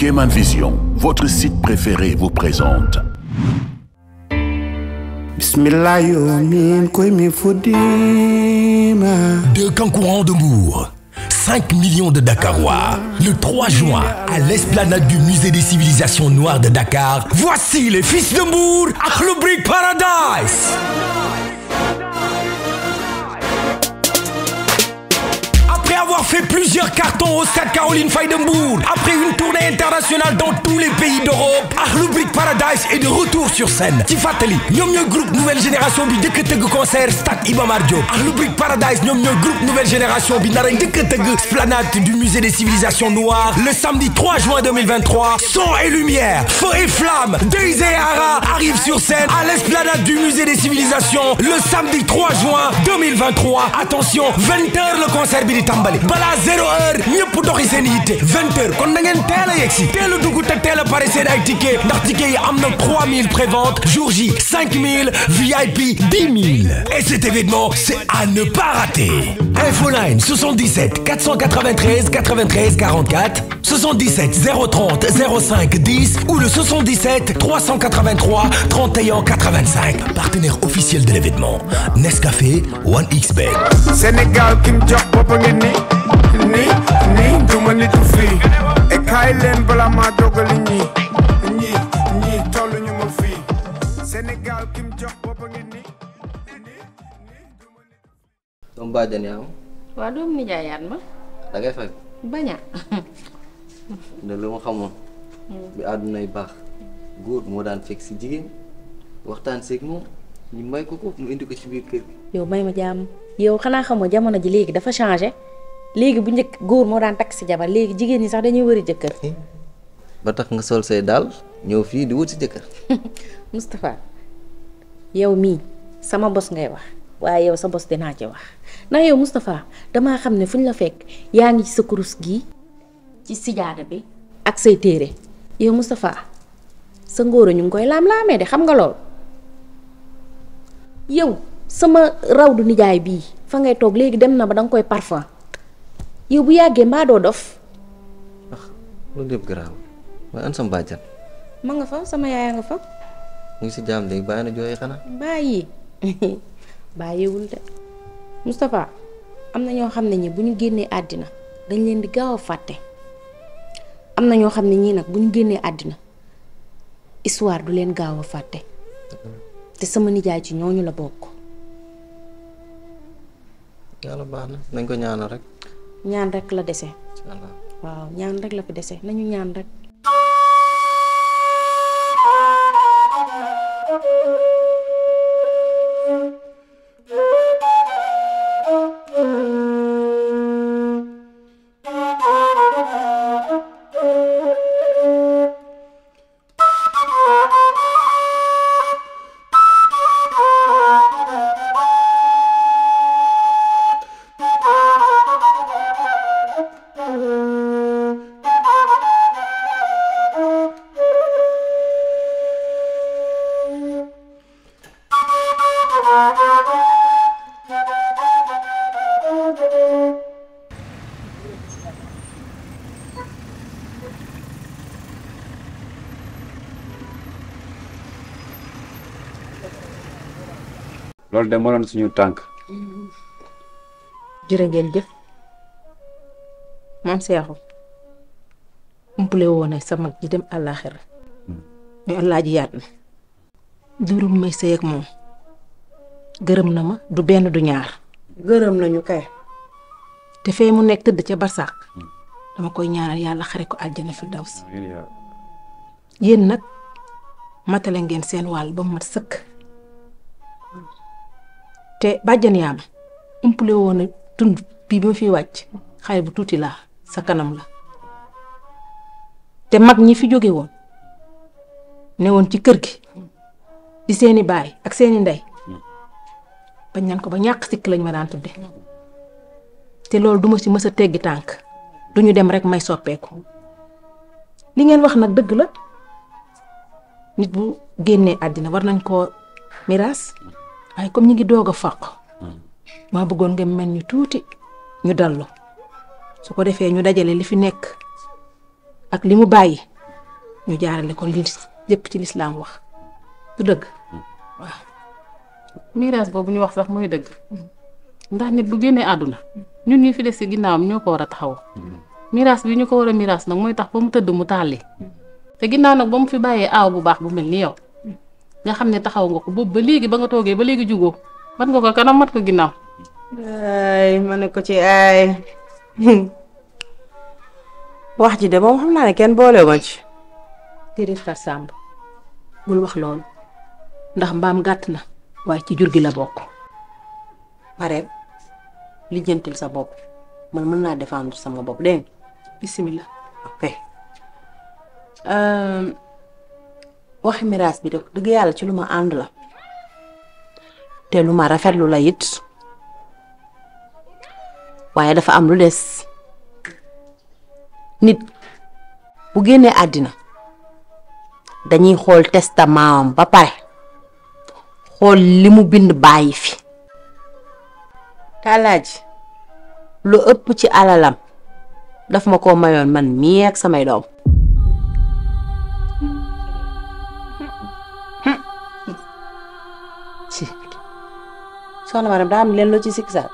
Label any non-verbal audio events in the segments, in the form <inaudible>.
K-Man Vision, votre site préféré vous présente. Deux courants de Bourg, 5 millions de Dakarois. Le 3 juin, à l'esplanade du Musée des civilisations noires de Dakar, voici les fils de Mour, Akhloubrik Paradise. fait plusieurs cartons au stade Caroline Feidenbourg, après une tournée internationale dans tous les pays d'Europe, Akhlou Paradise est de retour sur scène. Tifateli, fàttali ñoom groupe nouvelle génération bi concert stade Iba Mar Paradise ñoom groupe nouvelle génération bi du musée des civilisations noires le samedi 3 juin 2023. Son et lumière, feu et flamme, Deiz et Ara arrivent sur scène à l'esplanade du musée des civilisations le samedi 3 juin 2023. Attention, 20 h le concert bi di Bala 0 heure mieux doxi seen 20 20 heures kon na a un tel tel dugg te ay ticket ndax ticket yi 3000 préventes. jour J 5000 VIP 10 000 et cet événement c'est à ne pas rater Infoline 77 493 93 44 77 030 05 10 ou le 77 383 31 85 partenaire officiel de l'événement Nescafé One xbet Sénégal kim nii nii du ma nitu fii e kaay leen bala maa dogali ñii ñii ñii tolluñu ma fii Sénégal kim jox boppa ngi nii doom bàjjan yaa ma waa doom nijaayaat ma dangay fekk baña ne lu ma xamoon hmm. bi àddunay baax góor moo daan fekk si jigéen waxtaan seeg moom ñu may ko ko mu indi ko ci biir kër gi yow may ma jàmm yow xanaa xamoo jamono ji léegi dafa changé léegi bu njëkk góor moo daan takk si jabar léegi jigéen ñi sax dañuy wëri jëkkër. ba tax nga sol say daal ñëw fii di wut si jëkkër. <laughs> Moustapha yow mi sama bos ngay wax waaye yow sa bos dinaa ci wax ndax yow Moustapha damaa xam ne fu ñu la fekk yaa ngi ci sa kurus gi ci sijaada bi ak say téere yow mustafa sa ngóor ñu ngi koy laam-laamee de xam nga lool yow sama rawdu nijaay bii fa ngay toog léegi dem na ba danga koy parfum yow bu yàggee mbaa doo dof. ah loolu yëpp garaaw waaye an bàjjan. ma nga fa sama yaaya nga fa. mu ngi si jaam léegi bàyyi na jooyee xanaa. bàyyi <laughs> bàyyiwul de Moustapha am na ñoo xam ne ñi bu génnee àddina dañ leen di gaaw a fàtte am na ñoo xam ne ñii nag bu ñu génnee àddina histoire du leen gaaw a fàtte te sama nijaay ci ñooñu la bokk. yàlla baax na nañ ko ñaanal rek. ñaan rek la dese. waaw ñaan rek la fi dese nañu ñaan rek. loolu de moo suñu tànk. jërë ngeen jëf maam Seexu umpule woon sa mag ji dem àllaaxira ñu hmm. àllaa yaat na. durum may sëy ak moom gërëm na ma du benn du ñaar. gërëm nañu kay. te fee mu nekk tëdd ca barsàq hmm. dama koy ñaanal yàlla xare ko àjjana fi daw si. yéen nag matale ngeen seen wàll ba mu mat sëkk. te bàjjan yaa ma umpule woon tund bii ba fi wàcc xale bu tuuti laa sa kanam la te mag ñi fi jóge woon ne woon ci kër gi di seeni baay ak seeni ndey bañ naan ko ba ñàkk sikk lañ ma daan tudde te loolu duma ci mës a teggi tànk duñu dem rek may soppeeku li ngeen wax nag dëgg la nit bu génnee àddina war nañ koo miraas waaye comme ñu ngi doog a fàq maa bëggoon nga mel ñu tuuti ñu dallu su ko defee ñu dajalee li fi nekk ak li mu bàyyi ñu jaarale ko li lépp ci lislaam wax du dëgg waaw miraas boobu ñu wax sax mooy dëgg ndax nit bu génnee àdduna ñun ñi fi des ci ginnaawam ñoo ko war a taxaw miraas bi ñu ko war a miraas nag mooy tax ba mu tëdd mu taali te ginnaaw nag ba mu fi bàyyee aaw bu baax bu mel ni yow nga xamne taxaw nga ko boobu ba léegi ba nga toge ba legi jugo ban nga ko kanam mat ko ginnaw ay mané ko ci ay <laughs> wax ji de moom xamna ne ken bolé ma ci. déedéet fa sam bul wax lool ndax mbam gatt na way ci jurgi la bok paré li sa bop man mën na défendre sama bop dégg bismillah ok ok. Euh, waxi miraas bi de dëgg yàlla ci lu ma ànd la te lu ma rafetlu la it waaye dafa am lu des nit bu génnee àddina dañuy xool testamentam ba pare xool li mu bind bàyyi fi tàllaaji lu ëpp ci alalam daf ma ko mayoon man mii ak samay doom ci soxna Maram daa leen loo ci sikk saak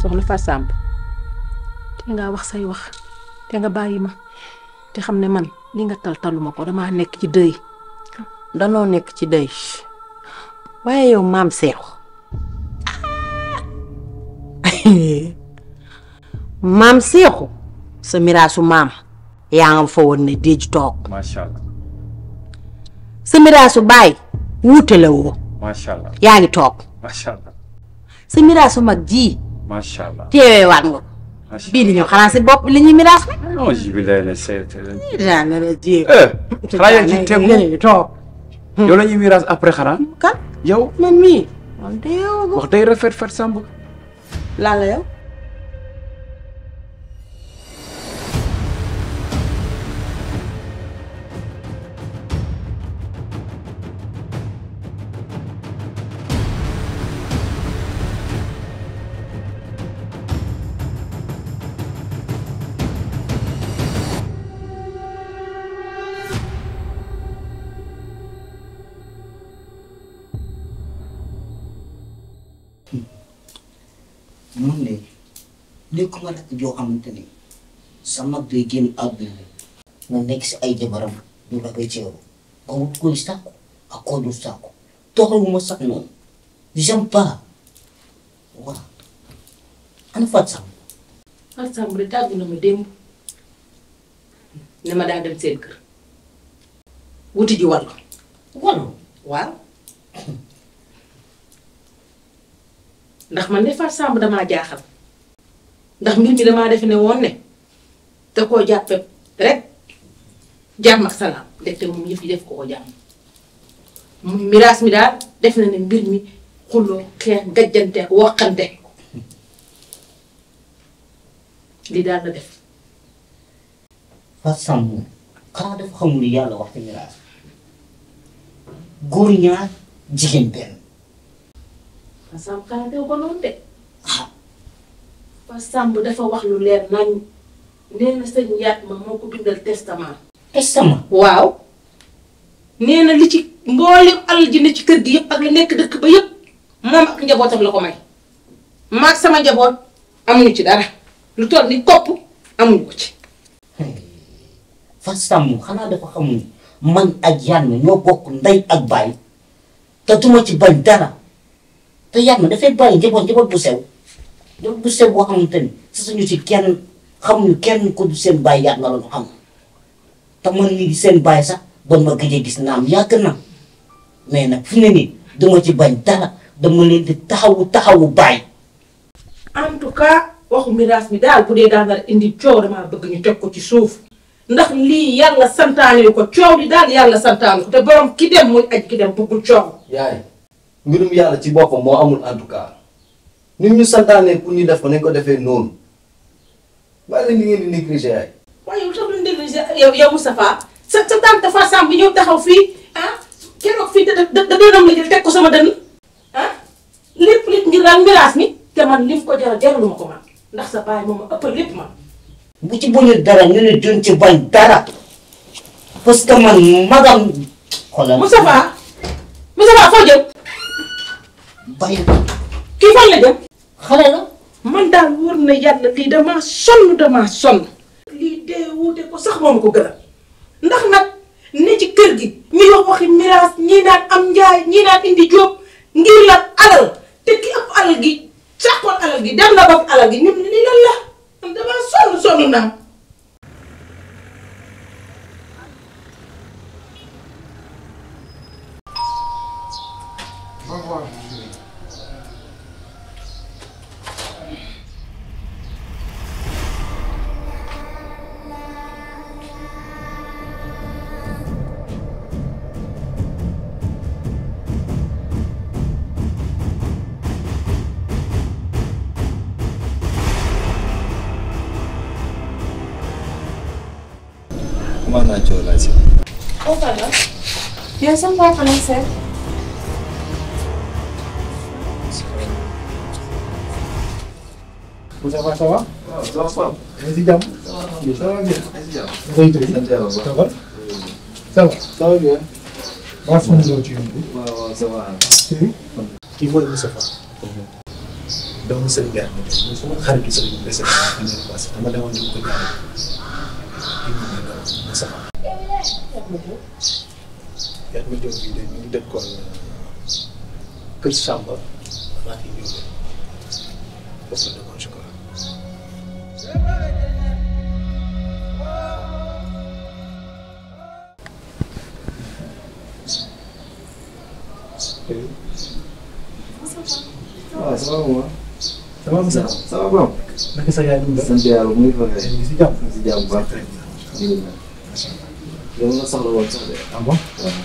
soxna Fatou Samb te ngaa wax say wax te nga bàyyi ma te xam ne man li nga tal taluma ko damaa nekk ci dëy danoo nekk ci dëy waaye yow maam seexu <laughs> maam seexu sa miraasu maam yaa nga fa woon ne déej toog macha miraasu baay wuute la macha allah yaa ngi toog. macha allah sa miraasu mag ji. macha allah teeweewaat nga bii di ñëw xanaa si bopp li ñuy miraas rek. non jubilee yaa ngi ciy tegu toog. Hmm. yow la ñuy miraas après xanaa. kan yow mii. wax dëgg rafet fat Samb. lan la nekkul nga rakk joo xamante eh. ni sa eh. na day génn àdduna nga nekk si ay jabaram ko la koy ko amul koy sàkku ak koo dul sàkku toxaluma sax noonu j'aime pas waaw ana Fatou Samb Fatou Samb de gu na ma démb ne ma daa dem seen wuti ji wàllu wàllu waaw ndax man de Fatou Samb damaa ndax mbir mi damaa defe ne woon ne da koo jàppe rek jàmm ak salaam def te moom yëf yi def ko ko jàmm miraas mi daal def na ne mbir mi xulloo xeex gajjante ak waxante li daal la def fa sàmm xanaa dafa xamul yàlla wax ci miraas góor ñaar jigéen benn fa sàmm de fa sàmb dafa wax lu leer nañ nee na sëñ Yatma moo ko bindal testament. testament waaw. nee na li ci mboolem alal ji ne ci kër gi yëpp ak la nekk dëkk ba yëpp moom ak njabootam la ko may. maag sama njaboot amuñu ci dara lu toll ni kopp amuñu ko ci. fa sàmm xanaa dafa xamul man ak Yatma ñoo bokk ndey ak baay te duma ci bañ dara te Yatma dafay bàyyi njaboot njaboot bu sew. ñoom du seen boo xamante ni si suñu ci kenn xamuñu kenn ko du seen bàyyi yàgg nga loolu xam te man mii di seen baay sax bon ma gëj gis naam yàgg na mais nag fi ne nii dama ci bañ dara dama leen di taxawu taxawu bàyyi. en tout cas waxu miraas mi daal bu dee daan dara indi coow damaa bëgg ñu teg ko ci suuf ndax lii yàlla santaane ko coow li daal yàlla santaane ko te borom ki dem mooy aj ki dem bëggul coow. yaay mbirum yàlla ci boppam moo amul en tout cas. ni ñu santane pour ñu def ko nañ ko defé non ba leen di ngeen di négliger ay. waaye yow sax duñ négliger yow yow Moustapha sa sa tante Fatou Samb bi ñu taxaw fi hein ah? kérok fi da da do ram la jël tek ko sama dañ hein ah? lepp lepp ngir daal mirage ni té man lim ko jaral jaralu ma ko man ndax sa bay moom ma ëppal lépp man. bu ci bañu dara ñu ne duñ ci bañ dara parce que man madam xoolal Moustapha Moustapha fo jëm. bay kii fan la jëm. xale la. man daal wóor na yàlla lii damaa sonn damaa sonn. lii dee wuute ko sax moom ko gënal ndax nag ne ci kër gi ñu wax waxi miraas ñii naan am njaay ñi naan indi jóob ngir la alal te ki ëpp alal gi sàppoon alal gi dem na ba alal gi ñun lii lan man damaa sonn sonn naa. kuma na ce wala ce. Kofar nan? Yanzu c'est. Vous avez ça va Ça va Vas-y, dame. Ça va bien. Vas-y, dame. Ça va Ça va Ça va bien. Va faire une autre. Ouais, ouais, ça va. Donc, c'est le gars. c'est faut le c'est Il yaat ma jóg bii de ñu ngi dëkkoon euh, kër Samba maa ngi ñëw foofu la dëkkoon chocolat. Ah, waaw ça va maman. ça va ça va. naka sa yaay dund. sant yàlla mu ngi fa si jàmm si jàmm bu baax. macha allah. dama la soxla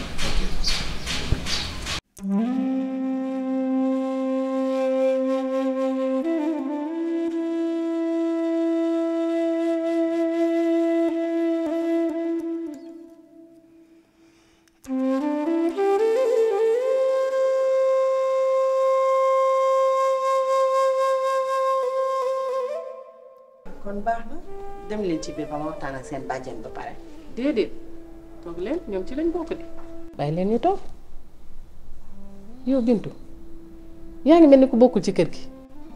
kon baax na dem leen ci biir ba ma waxtaan ak seen bàjjen ba pare. déedéet toog leen ñoom ci lañ bokk de. bàyyi leen ñu toog yow Bintu yaa ngi mel ni ku bokkul ci kër gi.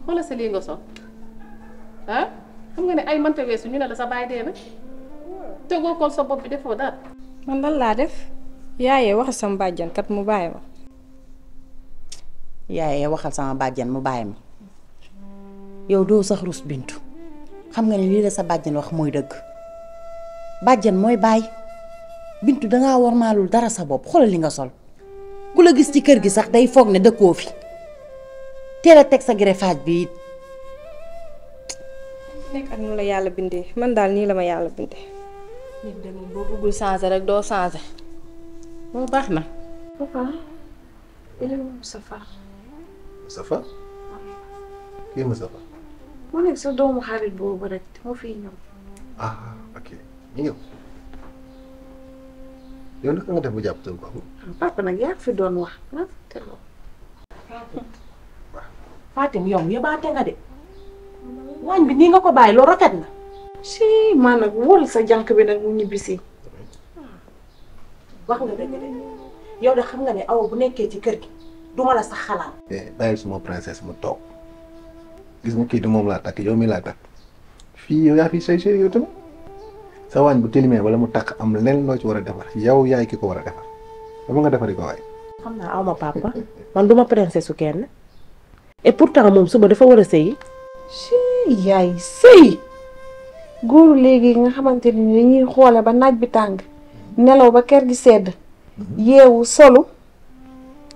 xoolal sa lii nga sol ah xam nga ne ay mënta weesu ñu ne la sa bàyyi dee na tegoo kool sa bopp bi defoo dara. man lan laa def yaaye waxal sama bàjjan kat mu bàyyi ma. yaayee waxal sama bàjjan mu bàyyi ma yow doo sax rus Bintu. xam nga ne lii la sa bàjjan wax mooy dëgg bàjjan mooy baay bintu dangaa warmaalul dara sa bopp xoolal li nga sol ku la gis ci kër gi sax day foog ne dëkkoo fi teel a teg sa greffage bi it nekk ak nu la yàlla bindee man daal nii la ma yàlla bindee nit de boo bëggul changer rek doo changer boo baax na papa il Mooi niks zo dom ga ik boven dat Ah, oke. Ingat. Yun ang nagdabo jab to ko. Apa nagyak fi don wa. Na telo. Fatim yow ya ba nga de. Wañ bi ni ko bàyyi si man nag wóol sa jànk bi nag mu ñibbisi. wax nga dëgg de yow de xam nga ne bu ci kër gi gis nga kii du moom laa takk yow mi laa takk fii yow yaa fi say séeréer yow tamit sa waañ bu tilimee wala mu takk am leen loo ci war a defar yow yaay ki ko war a defar dama nga defari ko waay. xam naa aw ma papa man du ma princesse su kenn et pourtant moom suba dafa war a sëyi. yaay sëy góoru léegi nga xamante ni dañuy xoole ba naaj bi tàng nelaw ba kër gi sedd yeewu solu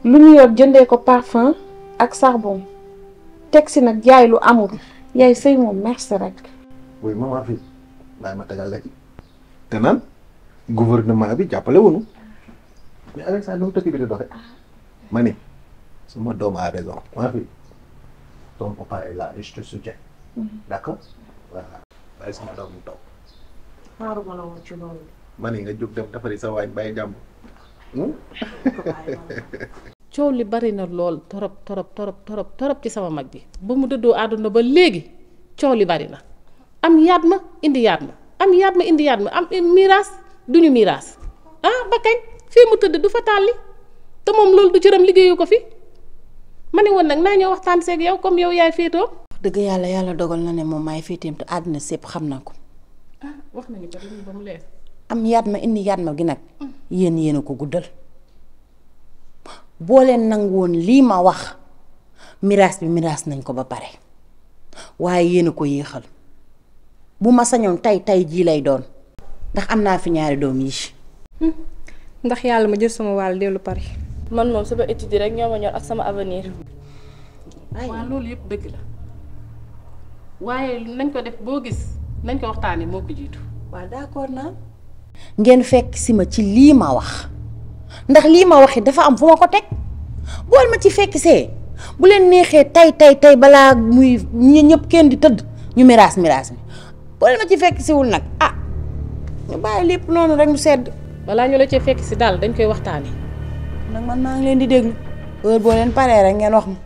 lu ñu yor jëndee ko parfum ak sarbon teg si nag jaay lu amul yaay sëy moom merci rek. oui maman fii bàyyi ma tegal léegi te naan gouvernement bi jàppale wuñu mais avec ça nu mu tëkk bi di doxee ma ni suma doom a raison maa fi suma mm-hmm. doom mu toog xaaruma la woon ci loolu ma ni nga jóg dem defari sa waañ bàyyi jàmm <laughs> coow li bari na lool torop torop torop torop torop ci sama mag bi ba mu dëddoo àdduna ba léegi coow li bari na am yaat ma indi yaat ma am yaat ma indi yaat ma am miraas du ñu miraas ah ba mu tëdd du fa tàlli moom loolu du cëram liggéeyu ko fi ma ne nag naa ñëw waxtaan seeg yow comme yow yaay féetoo. dëgg yàlla yàlla dogal na ne moom maay féeteem te àddina sépp xam na ko. Ah, wax nañu ba am yaat ma indi gi nag. Mm. yéen yéen a ko guddal. boo leen nangoon lii ma wax miraas bi miraas nañ ko ba pare waaye yéen a ko yéexal bu ma sañoon tey tey jii lay doon ndax am naa fi ñaari doom yi. Hmm. ndax yàlla ma jël sama wàll dellu Paris. man moom sama étude rek ñoo ma ñor ak sama avenir. aywa loolu yëpp dëgg la waaye nañ ko def boo gis nañ ko waxtaanee moo ko jiitu. waaw d'accord naa. ngeen fekk si ma ci lii ma wax. ndax lii ma waxi dafa am fu ma ko teg bool ma ci fekki see bu leen neexee tay tay tay balaa muy ñi ñëpp kenn di tëdd ñu miraas miraas bi bool ma ci fekki siwul nag ah ñu bàyyi lépp noonu rek mu sedd. balaa ñu la ci fekki si daal dañ koy waxtaanee. nag man naa ngi leen di déglu heure boo leen paree rek ngeen wax ma.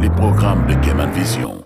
les programmes de Game Vision.